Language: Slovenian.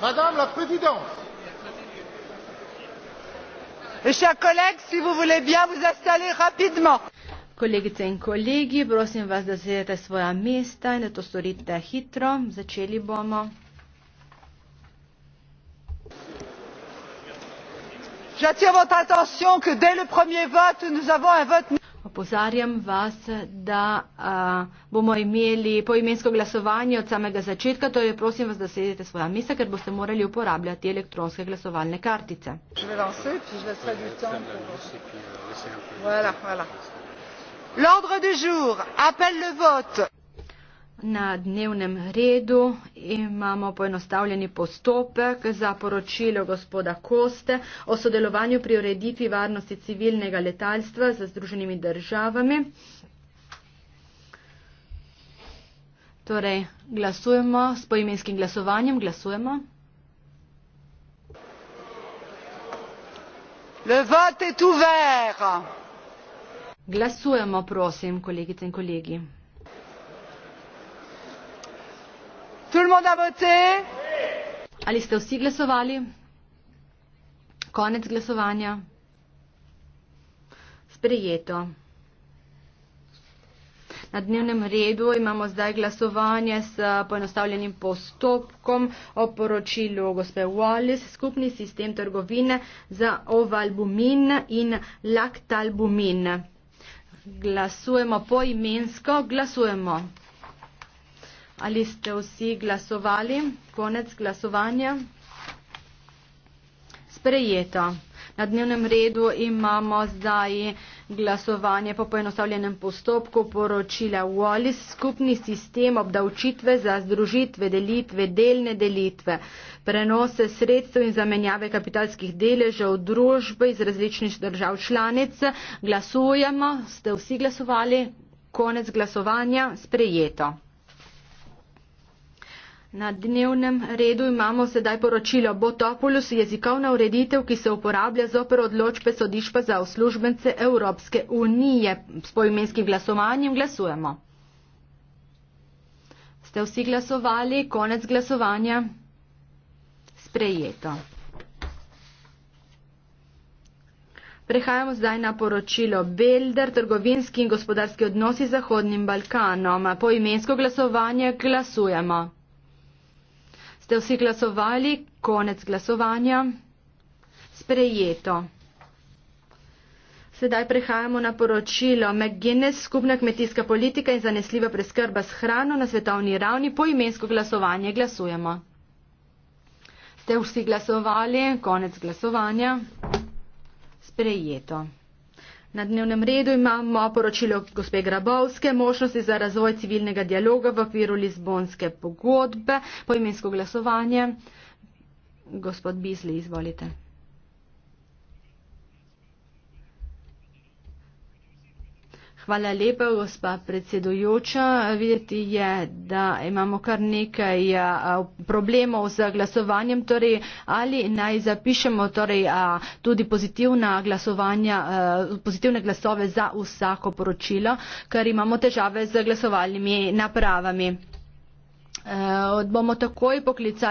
Madame la Présidente. Mes chers collègues, si vous voulez bien vous installer rapidement. Kolegice in kolegi, prosim vas, da zajete svoja mesta in da to storite hitro. Začeli bomo. J'attire votre attention que dès le premier vote, nous avons un vote Opozarjam vas, da a, bomo imeli poimensko glasovanje od samega začetka, to je prosim vas, da sedete svoja mesta, ker boste morali uporabljati elektronske glasovalne kartice. L'ordre du jour appelle le vote. Na dnevnem redu imamo poenostavljeni postopek za poročilo gospoda Koste o sodelovanju pri ureditvi varnosti civilnega letalstva z Združenimi državami. Torej, glasujemo s poimenskim glasovanjem. Glasujemo. Le vote est ouvert. Glasujemo, prosim, kolegice in kolegi. le monde a voté Ali ste vsi glasovali? Konec glasovanja. Sprejeto. Na dnevnem redu imamo zdaj glasovanje s poenostavljenim postopkom o poročilu gospe Wallis, skupni sistem trgovine za ovalbumin in laktalbumin. Glasujemo poimensko, glasujemo. Ali ste vsi glasovali? Konec glasovanja. Sprejeto. Na dnevnem redu imamo zdaj glasovanje po poenostavljenem postopku poročila Wallis, skupni sistem obdavčitve za združitve, delitve, delne delitve, prenose sredstev in zamenjave kapitalskih deležev družbe iz različnih držav članic. Glasujemo, ste vsi glasovali, konec glasovanja, sprejeto. Na dnevnem redu imamo sedaj poročilo Botopolus, jezikovna ureditev, ki se uporablja zoper odločbe sodišpa za uslužbence Evropske unije. S poimenskim glasovanjem glasujemo. Ste vsi glasovali? Konec glasovanja? Sprejeto. Prehajamo zdaj na poročilo Belder, trgovinski in gospodarski odnosi z Zahodnim Balkanom. Po imensko glasovanje glasujemo. Ste vsi glasovali? Konec glasovanja. Sprejeto. Sedaj prehajamo na poročilo McGuinness, skupna kmetijska politika in zanesljiva preskrba s hrano na svetovni ravni. Po imensko glasovanje glasujemo. Ste vsi glasovali? Konec glasovanja. Sprejeto. Na dnevnem redu imamo poročilo gospe Grabovske, možnosti za razvoj civilnega dialoga v okviru Lizbonske pogodbe, poimensko glasovanje. Gospod Bisli, izvolite. Hvala lepa, gospa predsedujoča. Videti je, da imamo kar nekaj problemov z glasovanjem. Torej, ali naj zapišemo torej, tudi pozitivne glasove za vsako poročilo, ker imamo težave z glasovalnimi napravami. Bomo takoj poklicali.